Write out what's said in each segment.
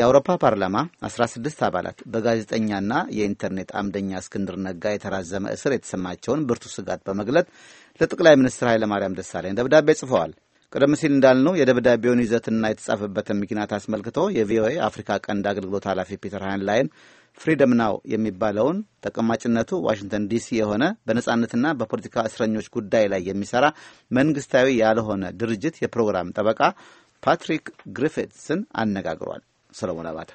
የአውሮፓ ፓርላማ 16 አባላት በጋዜጠኛና የኢንተርኔት አምደኛ እስክንድር ነጋ የተራዘመ እስር የተሰማቸውን ብርቱ ስጋት በመግለጥ ለጠቅላይ ሚኒስትር ኃይለማርያም ደሳለኝ ደብዳቤ ጽፈዋል። ቀደም ሲል እንዳልነው የደብዳቤውን ይዘትና የተጻፈበትን ምክንያት አስመልክቶ የቪኦኤ አፍሪካ ቀንድ አገልግሎት ኃላፊ ፒተር ሃይንላይን ፍሪደም ናው የሚባለውን ተቀማጭነቱ ዋሽንግተን ዲሲ የሆነ በነጻነትና በፖለቲካ እስረኞች ጉዳይ ላይ የሚሰራ መንግስታዊ ያልሆነ ድርጅት የፕሮግራም ጠበቃ ፓትሪክ ግሪፊትስን አነጋግሯል። ሰለሞን አባተ።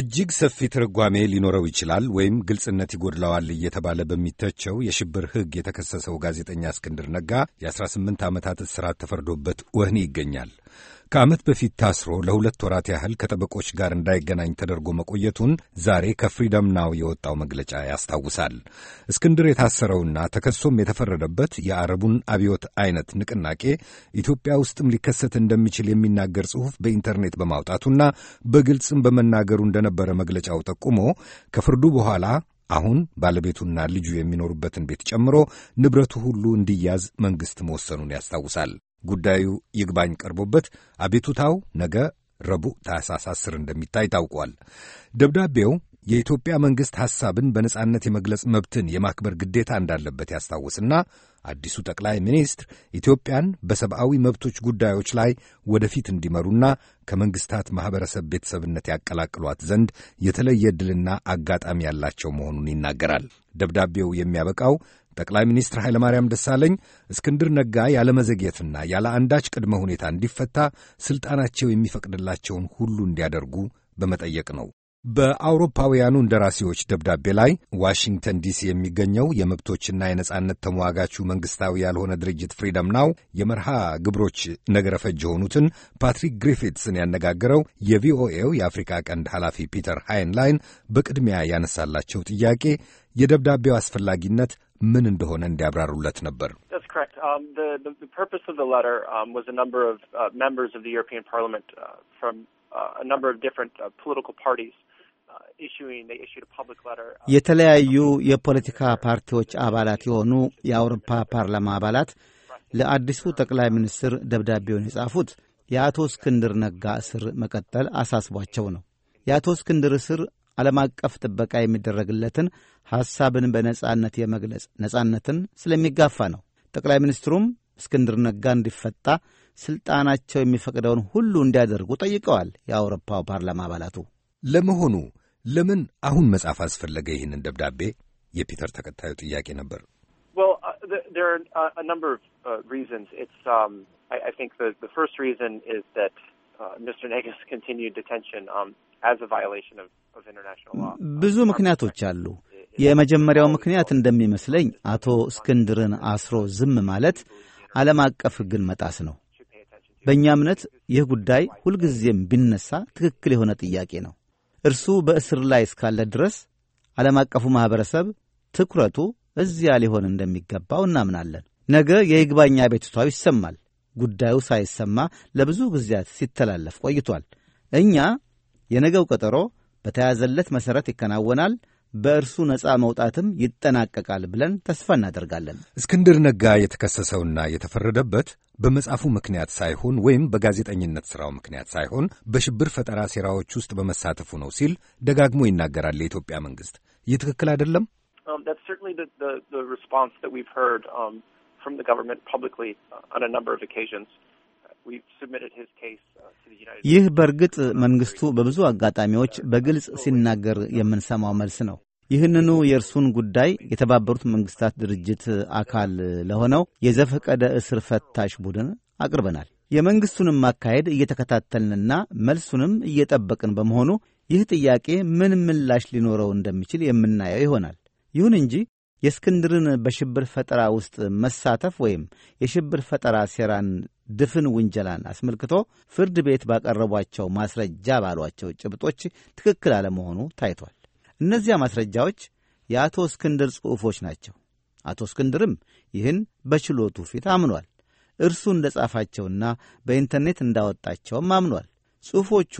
እጅግ ሰፊ ትርጓሜ ሊኖረው ይችላል ወይም ግልጽነት ይጎድለዋል እየተባለ በሚተቸው የሽብር ሕግ የተከሰሰው ጋዜጠኛ እስክንድር ነጋ የ18 ዓመታት እስራት ተፈርዶበት ወህኒ ይገኛል። ከዓመት በፊት ታስሮ ለሁለት ወራት ያህል ከጠበቆች ጋር እንዳይገናኝ ተደርጎ መቆየቱን ዛሬ ከፍሪደም ናው የወጣው መግለጫ ያስታውሳል። እስክንድር የታሰረውና ተከሶም የተፈረደበት የአረቡን አብዮት አይነት ንቅናቄ ኢትዮጵያ ውስጥም ሊከሰት እንደሚችል የሚናገር ጽሑፍ በኢንተርኔት በማውጣቱና በግልጽም በመናገሩ እንደነበረ መግለጫው ጠቁሞ ከፍርዱ በኋላ አሁን ባለቤቱና ልጁ የሚኖሩበትን ቤት ጨምሮ ንብረቱ ሁሉ እንዲያዝ መንግሥት መወሰኑን ያስታውሳል። ጉዳዩ ይግባኝ ቀርቦበት አቤቱታው ነገ ረቡዕ ታህሳስ 10 እንደሚታይ ታውቋል። ደብዳቤው የኢትዮጵያ መንግሥት ሐሳብን በነጻነት የመግለጽ መብትን የማክበር ግዴታ እንዳለበት ያስታውስና አዲሱ ጠቅላይ ሚኒስትር ኢትዮጵያን በሰብአዊ መብቶች ጉዳዮች ላይ ወደፊት እንዲመሩና ከመንግሥታት ማኅበረሰብ ቤተሰብነት ያቀላቅሏት ዘንድ የተለየ ዕድልና አጋጣሚ ያላቸው መሆኑን ይናገራል። ደብዳቤው የሚያበቃው ጠቅላይ ሚኒስትር ኃይለማርያም ደሳለኝ እስክንድር ነጋ ያለመዘግየትና ያለ አንዳች ቅድመ ሁኔታ እንዲፈታ ሥልጣናቸው የሚፈቅድላቸውን ሁሉ እንዲያደርጉ በመጠየቅ ነው። በአውሮፓውያኑ እንደራሴዎች ደብዳቤ ላይ ዋሽንግተን ዲሲ የሚገኘው የመብቶችና የነጻነት ተሟጋቹ መንግስታዊ ያልሆነ ድርጅት ፍሪደም ናው የመርሃ ግብሮች ነገረፈጅ የሆኑትን ፓትሪክ ግሪፊትስን ያነጋገረው የቪኦኤው የአፍሪካ ቀንድ ኃላፊ ፒተር ሃይንላይን በቅድሚያ ያነሳላቸው ጥያቄ የደብዳቤው አስፈላጊነት ምን እንደሆነ እንዲያብራሩለት ነበር። የተለያዩ የፖለቲካ ፓርቲዎች አባላት የሆኑ የአውሮፓ ፓርላማ አባላት ለአዲሱ ጠቅላይ ሚኒስትር ደብዳቤውን የጻፉት የአቶ እስክንድር ነጋ እስር መቀጠል አሳስቧቸው ነው። የአቶ እስክንድር እስር ዓለም አቀፍ ጥበቃ የሚደረግለትን ሐሳብን በነጻነት የመግለጽ ነጻነትን ስለሚጋፋ ነው። ጠቅላይ ሚኒስትሩም እስክንድር ነጋ እንዲፈታ ሥልጣናቸው የሚፈቅደውን ሁሉ እንዲያደርጉ ጠይቀዋል። የአውሮፓው ፓርላማ አባላቱ ለመሆኑ ለምን አሁን መጻፍ አስፈለገ? ይህንን ደብዳቤ የፒተር ተከታዩ ጥያቄ ነበር። uh, ብዙ ምክንያቶች አሉ። የመጀመሪያው ምክንያት እንደሚመስለኝ አቶ እስክንድርን አስሮ ዝም ማለት ዓለም አቀፍ ሕግን መጣስ ነው። በእኛ እምነት ይህ ጉዳይ ሁልጊዜም ቢነሳ ትክክል የሆነ ጥያቄ ነው። እርሱ በእስር ላይ እስካለ ድረስ ዓለም አቀፉ ማኅበረሰብ ትኩረቱ እዚያ ሊሆን እንደሚገባው እናምናለን። ነገ የይግባኛ አቤቱታው ይሰማል። ጉዳዩ ሳይሰማ ለብዙ ጊዜያት ሲተላለፍ ቆይቷል። እኛ የነገው ቀጠሮ በተያዘለት መሠረት ይከናወናል። በእርሱ ነፃ መውጣትም ይጠናቀቃል ብለን ተስፋ እናደርጋለን። እስክንድር ነጋ የተከሰሰውና የተፈረደበት በመጻፉ ምክንያት ሳይሆን ወይም በጋዜጠኝነት ሥራው ምክንያት ሳይሆን በሽብር ፈጠራ ሴራዎች ውስጥ በመሳተፉ ነው ሲል ደጋግሞ ይናገራል የኢትዮጵያ መንግሥት። ይህ ትክክል አይደለም። um, Uh, ይህ በእርግጥ መንግስቱ በብዙ አጋጣሚዎች uh, በግልጽ ሲናገር የምንሰማው መልስ ነው። ይህንኑ የእርሱን ጉዳይ የተባበሩት መንግስታት ድርጅት አካል ለሆነው የዘፈቀደ እስር ፈታሽ ቡድን አቅርበናል። የመንግስቱንም አካሄድ እየተከታተልንና መልሱንም እየጠበቅን በመሆኑ ይህ ጥያቄ ምን ምላሽ ሊኖረው እንደሚችል የምናየው ይሆናል። ይሁን እንጂ የእስክንድርን በሽብር ፈጠራ ውስጥ መሳተፍ ወይም የሽብር ፈጠራ ሴራን ድፍን ውንጀላን አስመልክቶ ፍርድ ቤት ባቀረቧቸው ማስረጃ ባሏቸው ጭብጦች ትክክል አለመሆኑ ታይቷል። እነዚያ ማስረጃዎች የአቶ እስክንድር ጽሑፎች ናቸው። አቶ እስክንድርም ይህን በችሎቱ ፊት አምኗል። እርሱ እንደ ጻፋቸውና በኢንተርኔት እንዳወጣቸውም አምኗል። ጽሑፎቹ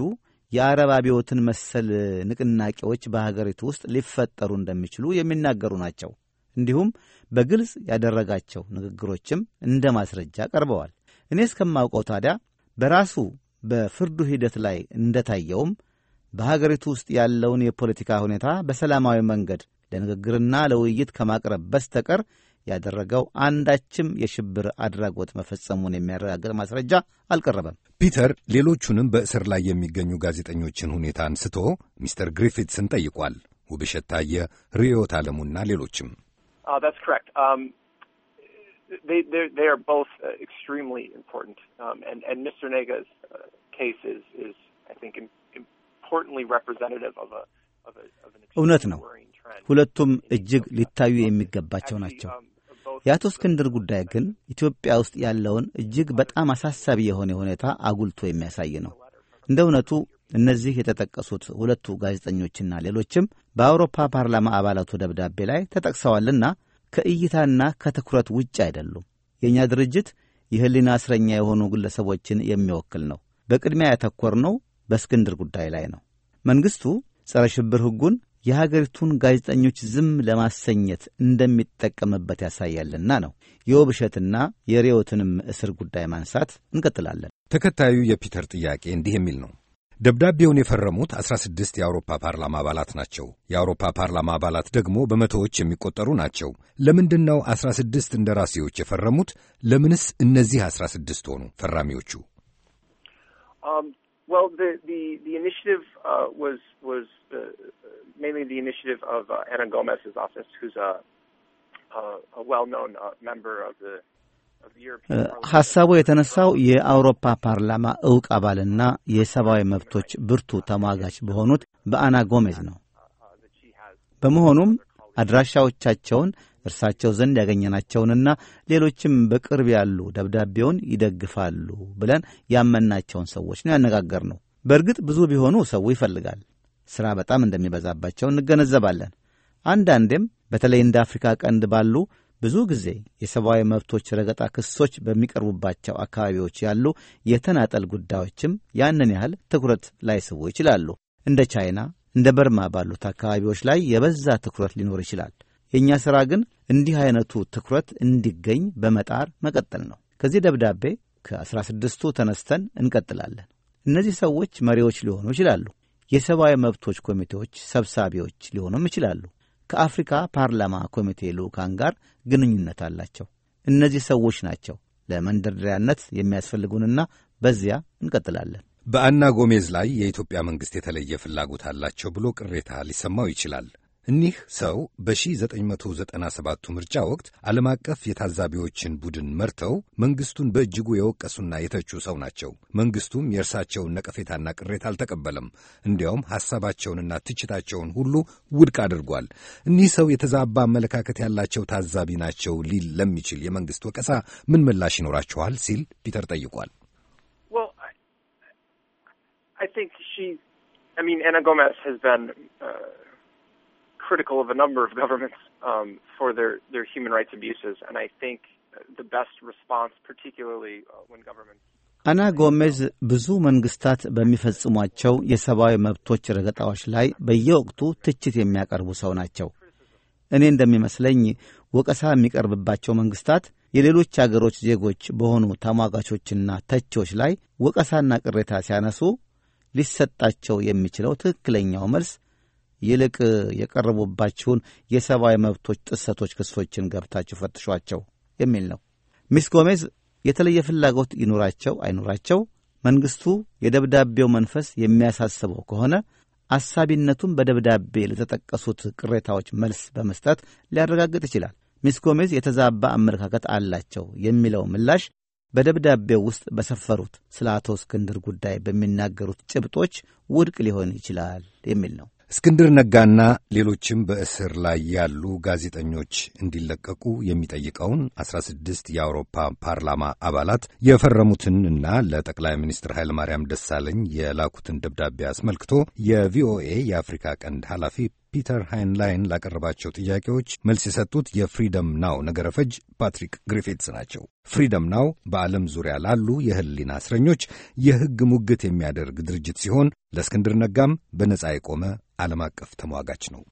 የአረብ አብዮትን መሰል ንቅናቄዎች በሀገሪቱ ውስጥ ሊፈጠሩ እንደሚችሉ የሚናገሩ ናቸው። እንዲሁም በግልጽ ያደረጋቸው ንግግሮችም እንደ ማስረጃ ቀርበዋል። እኔ እስከማውቀው ታዲያ በራሱ በፍርዱ ሂደት ላይ እንደታየውም በሀገሪቱ ውስጥ ያለውን የፖለቲካ ሁኔታ በሰላማዊ መንገድ ለንግግርና ለውይይት ከማቅረብ በስተቀር ያደረገው አንዳችም የሽብር አድራጎት መፈጸሙን የሚያረጋግጥ ማስረጃ አልቀረበም። ፒተር ሌሎቹንም በእስር ላይ የሚገኙ ጋዜጠኞችን ሁኔታ አንስቶ ሚስተር ግሪፊትስን ጠይቋል። ውብሸት ታየ፣ ርዕዮት ዓለሙና ሌሎችም Uh, that's correct. Um, they they are both extremely important, um, and and Mr. Nega's uh, case is is I think in, importantly representative of a እውነት ነው። ሁለቱም እጅግ ሊታዩ የሚገባቸው ናቸው። የአቶ እስክንድር ጉዳይ ግን ኢትዮጵያ ውስጥ ያለውን እጅግ በጣም አሳሳቢ የሆነ ሁኔታ አጉልቶ የሚያሳይ ነው። እንደ እውነቱ እነዚህ የተጠቀሱት ሁለቱ ጋዜጠኞችና ሌሎችም በአውሮፓ ፓርላማ አባላቱ ደብዳቤ ላይ ተጠቅሰዋልና ከእይታና ከትኩረት ውጭ አይደሉም። የእኛ ድርጅት የህሊና እስረኛ የሆኑ ግለሰቦችን የሚወክል ነው። በቅድሚያ ያተኮርነው በእስክንድር ጉዳይ ላይ ነው። መንግሥቱ ጸረ ሽብር ሕጉን የሀገሪቱን ጋዜጠኞች ዝም ለማሰኘት እንደሚጠቀምበት ያሳያልና ነው። የውብሸትና የሬዮትንም እስር ጉዳይ ማንሳት እንቀጥላለን። ተከታዩ የፒተር ጥያቄ እንዲህ የሚል ነው። ደብዳቤውን የፈረሙት 16 የአውሮፓ ፓርላማ አባላት ናቸው። የአውሮፓ ፓርላማ አባላት ደግሞ በመቶዎች የሚቆጠሩ ናቸው። ለምንድን ነው 16 እንደራሴዎች የፈረሙት? ለምንስ እነዚህ 16 ሆኑ ፈራሚዎቹ? Um, Uh, ሐሳቡ የተነሳው የአውሮፓ ፓርላማ እውቅ አባልና የሰብአዊ መብቶች ብርቱ ተሟጋች በሆኑት በአና ጎሜዝ ነው። በመሆኑም አድራሻዎቻቸውን እርሳቸው ዘንድ ያገኘናቸውንና ሌሎችም በቅርብ ያሉ ደብዳቤውን ይደግፋሉ ብለን ያመናቸውን ሰዎች ነው ያነጋገር ነው። በእርግጥ ብዙ ቢሆኑ ሰው ይፈልጋል። ሥራ በጣም እንደሚበዛባቸው እንገነዘባለን። አንዳንዴም በተለይ እንደ አፍሪካ ቀንድ ባሉ ብዙ ጊዜ የሰብአዊ መብቶች ረገጣ ክሶች በሚቀርቡባቸው አካባቢዎች ያሉ የተናጠል ጉዳዮችም ያንን ያህል ትኩረት ላይስቡ ይችላሉ። እንደ ቻይና፣ እንደ በርማ ባሉት አካባቢዎች ላይ የበዛ ትኩረት ሊኖር ይችላል። የእኛ ሥራ ግን እንዲህ አይነቱ ትኩረት እንዲገኝ በመጣር መቀጠል ነው። ከዚህ ደብዳቤ ከአስራ ስድስቱ ተነስተን እንቀጥላለን። እነዚህ ሰዎች መሪዎች ሊሆኑ ይችላሉ። የሰብአዊ መብቶች ኮሚቴዎች ሰብሳቢዎች ሊሆኑም ይችላሉ። ከአፍሪካ ፓርላማ ኮሚቴ ልዑካን ጋር ግንኙነት አላቸው። እነዚህ ሰዎች ናቸው ለመንደርደሪያነት የሚያስፈልጉንና በዚያ እንቀጥላለን። በአና ጎሜዝ ላይ የኢትዮጵያ መንግሥት የተለየ ፍላጎት አላቸው ብሎ ቅሬታ ሊሰማው ይችላል። እኒህ ሰው በ1997ቱ ምርጫ ወቅት ዓለም አቀፍ የታዛቢዎችን ቡድን መርተው መንግሥቱን በእጅጉ የወቀሱና የተቹ ሰው ናቸው። መንግሥቱም የእርሳቸውን ነቀፌታና ቅሬታ አልተቀበለም። እንዲያውም ሐሳባቸውንና ትችታቸውን ሁሉ ውድቅ አድርጓል። እኒህ ሰው የተዛባ አመለካከት ያላቸው ታዛቢ ናቸው ሊል ለሚችል የመንግሥት ወቀሳ ምን ምላሽ ይኖራችኋል? ሲል ፒተር ጠይቋል። I think she, I mean, Anna Gomez has been uh, critical of a number of governments um, for their, their human rights abuses, and I think the best response, particularly uh, when governments አና ጎሜዝ ብዙ መንግስታት በሚፈጽሟቸው የሰብአዊ መብቶች ረገጣዎች ላይ በየወቅቱ ትችት የሚያቀርቡ ሰው ናቸው። እኔ እንደሚመስለኝ ወቀሳ የሚቀርብባቸው መንግስታት የሌሎች አገሮች ዜጎች በሆኑ ተሟጋቾችና ተቾች ላይ ወቀሳና ቅሬታ ሲያነሱ ሊሰጣቸው የሚችለው ትክክለኛው መልስ ይልቅ የቀረቡባችሁን የሰብአዊ መብቶች ጥሰቶች ክሶችን ገብታችሁ ፈትሿቸው የሚል ነው። ሚስ ጎሜዝ የተለየ ፍላጎት ይኑራቸው አይኑራቸው መንግሥቱ የደብዳቤው መንፈስ የሚያሳስበው ከሆነ አሳቢነቱን በደብዳቤ ለተጠቀሱት ቅሬታዎች መልስ በመስጠት ሊያረጋግጥ ይችላል። ሚስ ጎሜዝ የተዛባ አመለካከት አላቸው የሚለው ምላሽ በደብዳቤው ውስጥ በሰፈሩት ስለ አቶ እስክንድር ጉዳይ በሚናገሩት ጭብጦች ውድቅ ሊሆን ይችላል የሚል ነው። እስክንድር ነጋና ሌሎችም በእስር ላይ ያሉ ጋዜጠኞች እንዲለቀቁ የሚጠይቀውን 16 የአውሮፓ ፓርላማ አባላት የፈረሙትን እና ለጠቅላይ ሚኒስትር ኃይለማርያም ደሳለኝ የላኩትን ደብዳቤ አስመልክቶ የቪኦኤ የአፍሪካ ቀንድ ኃላፊ ፒተር ሃይንላይን ላቀረባቸው ጥያቄዎች መልስ የሰጡት የፍሪደም ናው ነገረ ፈጅ ፓትሪክ ግሪፊትስ ናቸው። ፍሪደም ናው በዓለም ዙሪያ ላሉ የህሊና እስረኞች የሕግ ሙግት የሚያደርግ ድርጅት ሲሆን ለእስክንድር ነጋም በነጻ የቆመ ዓለም አቀፍ ተሟጋች ነው።